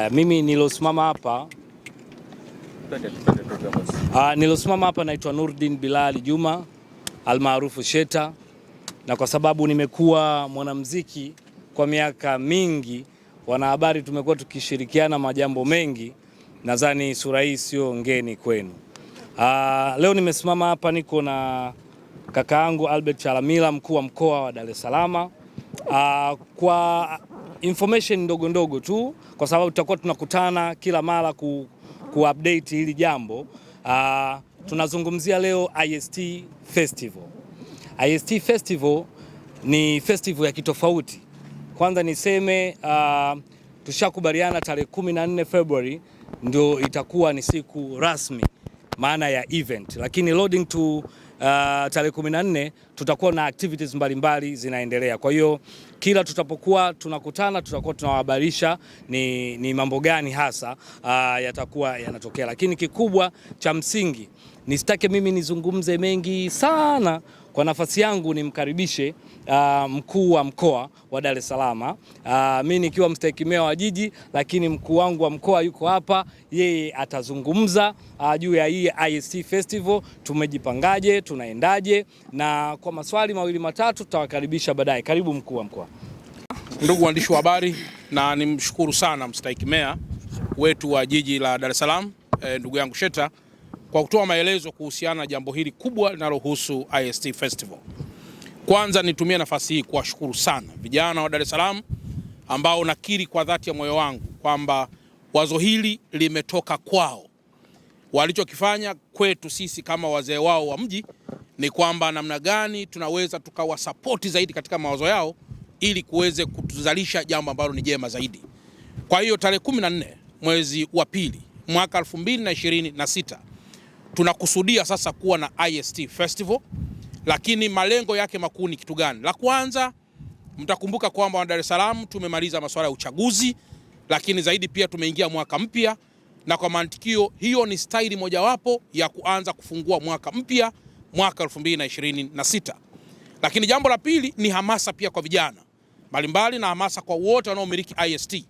Eh, mimi nilosimama hapa ah, nilosimama hapa naitwa Nurdin Bilali Juma almaarufu Sheta, na kwa sababu nimekuwa mwanamuziki kwa miaka mingi, wanahabari tumekuwa tukishirikiana majambo mengi, nadhani sura hii sio ngeni kwenu. Uh, leo nimesimama hapa niko na kakaangu Albert Chalamila mkuu wa mkoa wa Dar es Salaam. Ah, kwa information ndogo ndogo tu, kwa sababu tutakuwa tunakutana kila mara ku, ku update hili jambo uh, tunazungumzia leo IST Festival. IST Festival ni festival ya kitofauti. Kwanza niseme uh, tushakubaliana tarehe 14 February ndio itakuwa ni siku rasmi maana ya event, lakini loading to uh, tarehe 14 tutakuwa na activities mbalimbali mbali zinaendelea. Kwa hiyo kila tutapokuwa tunakutana tutakuwa tunawahabarisha ni, ni mambo gani hasa uh, yatakuwa yanatokea, lakini kikubwa cha msingi nisitake mimi nizungumze mengi sana kwa nafasi yangu nimkaribishe uh, mkuu wa mkoa wa Dar es Salaam. Uh, mimi nikiwa mstahiki meya wa jiji, lakini mkuu wangu wa mkoa yuko hapa, yeye atazungumza uh, juu ya hii ISC Festival, tumejipangaje, tunaendaje, na kwa maswali mawili matatu tutawakaribisha baadaye. Karibu mkuu wa mkoa. Ndugu waandishi wa habari, na nimshukuru sana mstahiki meya wetu wa jiji la Dar es Salaam, eh, ndugu yangu Sheta kwa kutoa maelezo kuhusiana na jambo hili kubwa linalohusu IST Festival. Kwanza nitumie nafasi hii kuwashukuru sana vijana wa Dar es Salaam ambao nakiri kwa dhati ya moyo wangu kwamba wazo hili limetoka kwao. Walichokifanya kwetu sisi kama wazee wao wa mji ni kwamba namna gani tunaweza tukawasapoti zaidi katika mawazo yao ili kuweze kutuzalisha jambo ambalo ni jema zaidi. Kwa hiyo tarehe 14 mwezi wa pili mwaka 2026 tunakusudia sasa kuwa na IST Festival, lakini malengo yake makuu ni kitu gani? La kwanza, mtakumbuka kwamba Dar es Salaam tumemaliza masuala ya uchaguzi, lakini zaidi pia tumeingia mwaka mpya, na kwa mantikio hiyo ni staili mojawapo ya kuanza kufungua mwaka mpya mwaka 2026. Lakini jambo la pili ni hamasa pia kwa vijana mbalimbali na hamasa kwa wote wanaomiliki IST.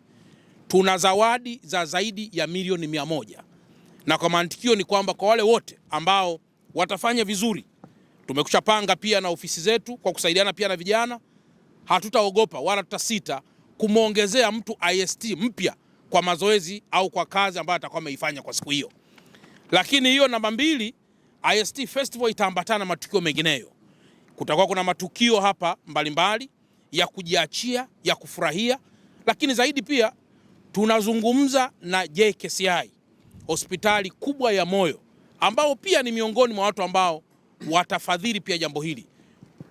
Tuna zawadi za zaidi ya milioni mia moja na kwa mantikio ni kwamba kwa wale wote ambao watafanya vizuri, tumekusha panga pia na ofisi zetu kwa kusaidiana pia na vijana, hatutaogopa wala tutasita kumwongezea mtu IST mpya kwa mazoezi au kwa kazi ambayo atakuwa ameifanya kwa siku hiyo. Lakini hiyo namba mbili, IST Festival itaambatana na matukio mengineyo. Kutakuwa kuna matukio hapa mbalimbali mbali, ya kujiachia ya kufurahia, lakini zaidi pia tunazungumza na JKCI hospitali kubwa ya moyo ambao pia ni miongoni mwa watu ambao watafadhili pia jambo hili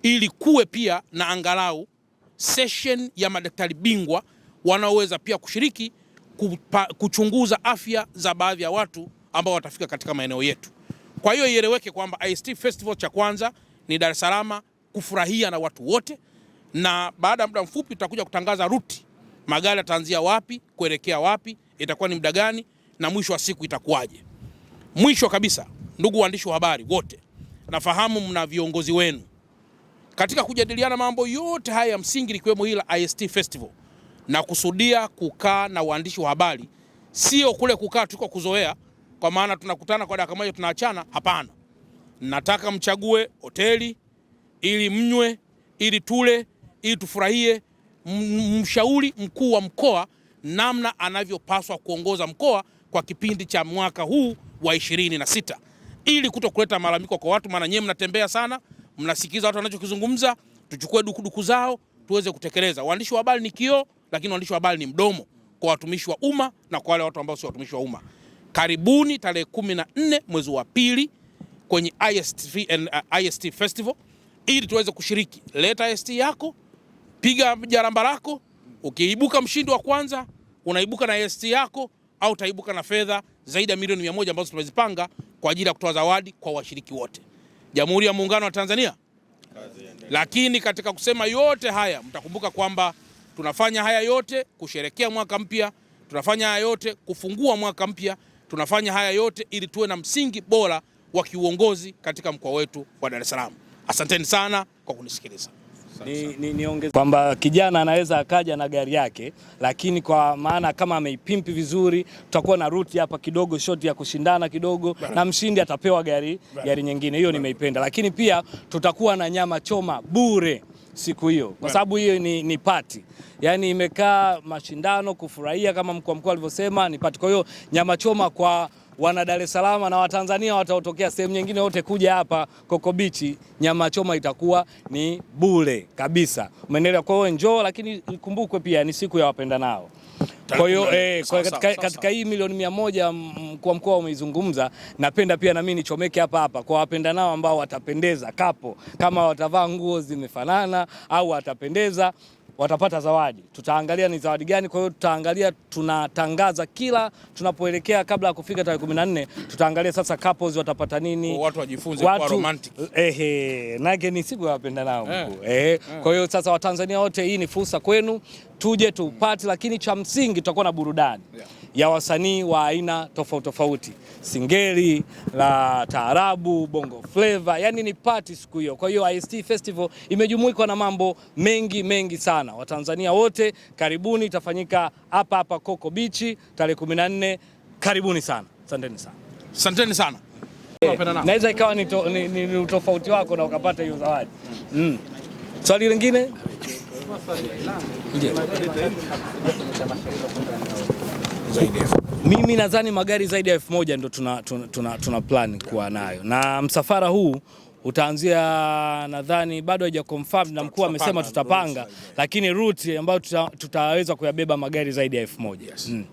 ili kuwe pia na angalau session ya madaktari bingwa wanaoweza pia kushiriki kupa, kuchunguza afya za baadhi ya watu ambao watafika katika maeneo yetu. Kwa hiyo ieleweke kwamba IST Festival cha kwanza ni Dar es Salaam kufurahia na watu wote, na baada ya muda mfupi tutakuja kutangaza ruti, magari yataanzia wapi kuelekea wapi, itakuwa ni muda gani na mwisho wa siku itakuwaje? Mwisho kabisa, ndugu waandishi wa habari wote, nafahamu mna viongozi wenu katika kujadiliana mambo yote haya ya msingi, likiwemo hili la IST Festival, na kusudia kukaa na waandishi wa habari, sio kule kukaa tuko kuzoea, kwa maana tunakutana kwa dakika moja tunaachana. Hapana, nataka mchague hoteli ili mnywe, ili tule, ili tufurahie, mshauri mkuu wa mkoa namna anavyopaswa kuongoza mkoa kwa kipindi cha mwaka huu wa na sita ili kuto kuleta malalamiko kwa watu, maana nyewe mnatembea sana, mnasikiza watu wanachokizungumza, tuchukue dukuduku zao tuweze kutekeleza. Waandishi wa habari ni kioo, lakini waandishi wa habari ni mdomo kwa watumishi wa umma na kwa wale watu ambao sio watumishi wa umma. Karibuni tarehe kumi na nne mwezi wa pili kwenye IST, uh, eh, IST Festival ili tuweze kushiriki. Leta IST yako, piga jaramba lako. Ukiibuka mshindi wa kwanza, unaibuka na IST yako au taibuka na fedha zaidi ya milioni mia moja ambazo tumezipanga kwa ajili ya kutoa zawadi kwa washiriki wote Jamhuri ya Muungano wa Tanzania. Lakini katika kusema yote haya, mtakumbuka kwamba tunafanya haya yote kusherekea mwaka mpya, tunafanya haya yote kufungua mwaka mpya, tunafanya haya yote ili tuwe na msingi bora wa kiuongozi katika mkoa wetu wa Dar es Salaam. Asanteni sana kwa kunisikiliza kwamba kijana anaweza akaja na gari yake, lakini kwa maana kama ameipimpi vizuri, tutakuwa na ruti hapa kidogo, shoti ya kushindana kidogo Bara. na mshindi atapewa gari, gari nyingine hiyo nimeipenda, lakini pia tutakuwa na nyama choma bure siku hiyo kwa sababu hiyo ni, ni pati yani imekaa mashindano kufurahia kama mkuu wa mkoa alivyosema ni pati. Kwa hiyo nyama choma kwa wana Dar es Salaam na Watanzania wataotokea sehemu nyingine yote kuja hapa Coco Beach, nyama choma itakuwa ni bure kabisa. Umeendelea, Kwa hiyo njoo, lakini ikumbukwe pia ni siku ya nao. Kwa hiyo eh, katika, katika hii milioni mia moja mkuu wa mkoa umeizungumza, napenda pia mimi nichomeke hapa hapa kwa wapendanao ambao watapendeza kapo, kama watavaa nguo zimefanana au watapendeza watapata zawadi. Tutaangalia ni zawadi gani. Kwa hiyo tutaangalia, tunatangaza kila tunapoelekea, kabla ya kufika tarehe 14 tutaangalia sasa couples watapata nini, watu wajifunze kwa romantic. Ehe, nake ni siku ya nao mkuu. Eh, kwa hiyo sasa Watanzania wote, hii ni fursa kwenu, tuje tupate, lakini cha msingi tutakuwa na burudani yeah ya wasanii wa aina tofauti tofauti, singeli la taarabu, bongo fleva, yani ni party siku hiyo. Kwa hiyo IST Festival imejumuikwa na mambo mengi mengi sana. Watanzania wote karibuni, itafanyika hapa hapa Coco Beach tarehe 14. Karibuni sana, asanteni sana, asanteni sana. Eh, naweza ikawa ni, ni, ni, ni utofauti wako na ukapata hiyo zawadi mm. Swali lingine zaidi ya mimi nadhani magari zaidi ya elfu moja ndo tuna, tuna, tuna, tuna plan kuwa nayo na msafara huu utaanzia nadhani bado haija confirm na mkuu amesema tutapanga, lakini route ambayo tutaweza kuyabeba magari zaidi ya elfu moja. Yes. Mm.